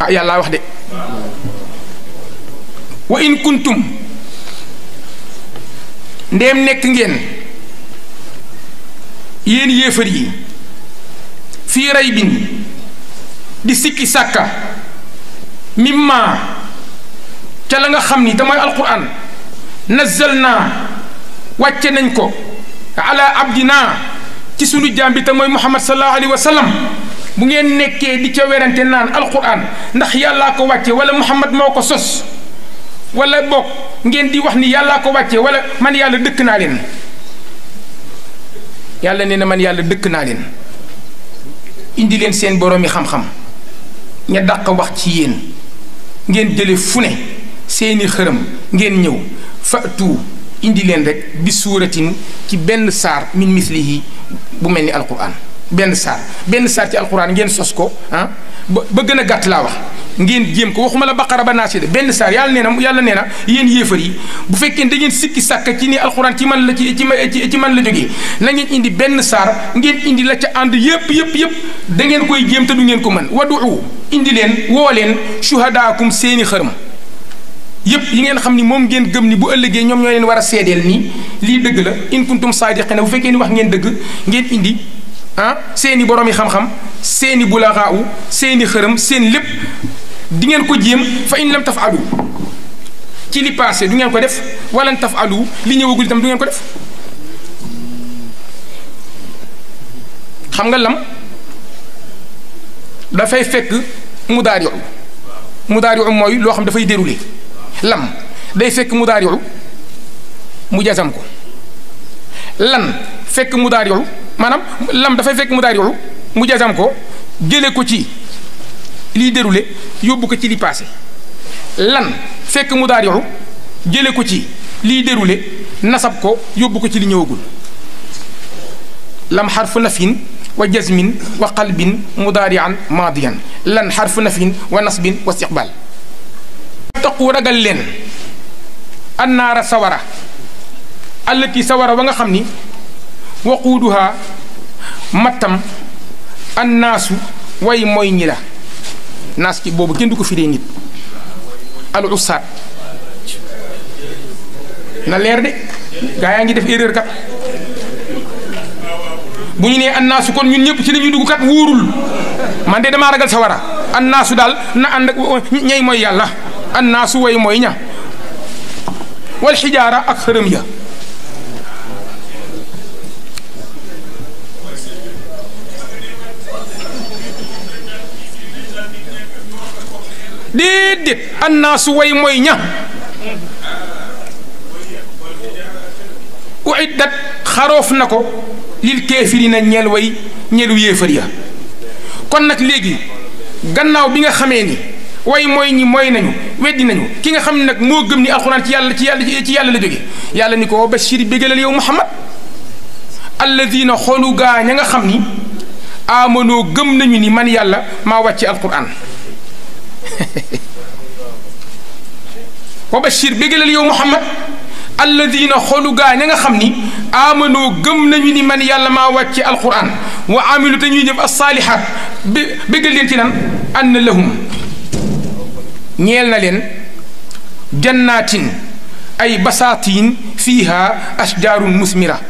ah yàlla wax de wa in kuntum ndéem nekk ngeen yéen yéefar yi fi ray bin di sikki sàkka mimma ca la nga xam ni damay mooy alquran nazzal naa wàcce nañ ko ala abdinaa ci sunu jaam bi te mooy muhammad sallallahu alayhi wa bu ngeen nekkee di ca werante naan alquran ndax yàllaa ko wàcce wala muhammad moo ko sos wala bokk ngeen di wax ni yàllaa ko wàcce wala man yàlla dëkk naa leen yàlla nee na man yàlla dëkk naa leen indi leen seen boroomi xam-xam ña dàq wax ci yéen ngeen jële fune ne seeni xërëm ngeen ñëw fatu indi len rek bi suratin ci ben sar min mislihi bu melni alquran benn saar benn saar ci alquran ngeen sos ko ah ba ba gën a gàtt laa wax ngeen jéem ko waxuma la baqara ba si de benn saar yàlla nee na yàlla nee na yéen yéefar yi bu fekkee da ngeen sikki sàkk ci ni alxuraan ci man la ci ci ci man la jógee na ngeen indi benn saar ngeen indi la ca ànd yëpp yëpp yëpp da ngeen koy jéem te du ngeen ko man wadu indi leen woo leen shuhadaakum seeni xër ma yëpp yi ngeen xam ni moom ngeen gëm ni bu ëllëgee ñoom ñoo leen war a seedeel nii lii dëgg la in kuntum saadiqina bu fekkee ni wax ngeen dëgg ngeen indi ah seeni boroomi xam-xam seeni bulaxaawu seeni xërëm seen lépp di ngeen ko jéem fa in lam taf alu ci li passé du ngeen ko def walan taf alu li ñëwagul itam du ngeen ko def xam nga lam dafay fekk mudaariu mudaariu mooy loo xam dafay déroulé lam day fekk mudaariu mu jasam ko lan fekk mudaariu manam lam da fay fek daari wu mu jazam ko gele ko ci li déroulé yobou ko ci li passé lan fek mu daari ko ci li déroulé nasab ko yobou ko ci li ñewugul lam xarfu nafin wa jazmin wa qalbin mudari'an madiyan lan xarfu nafin wa nasbin wa istiqbal taqu ragal len annara sawara allati sawara wa nga waquuduhaa mattam annaasu way mooy ñi la naas ci boobu kenn du ko firee nit al ussaat na leer de gaa yaa ngi def erreur kat bu ñu nee annaasu kon ñun ñëpp ci la ñuy dugg kat wóorul man de damaa ragal sawara annaasu daal na ànd ak ñay mooy yàlla annaasu way mooy ña wal xijaara ak xërëm ya déedéet annaasu way mooy ña uiddat xaroof na ko lil kéefirina ñeel way ñeelu yéefar ya kon nag léegi gannaaw bi nga xamee ni way mooy ñi mooy nañu weddi nañu ki nga xam ne nag moo gëm ni alxuraan ci yàlla ci yàlla ci yàlla la jóge yàlla ni ko bashir bégalal yow muhammad alladina xoolu gaa ña nga xam ni amanoo gëm nañu ni man yàlla maa wàcce alxuraan وبشر بيجل اليوم محمد الذين خلقا نيغا خامني امنوا گم نانيو من يالا ما واتي القران وعملوا تنيو نيب الصالحات بيجل لين ان لهم نيلنا لين جناتين اي بساتين فيها اشجار مثمره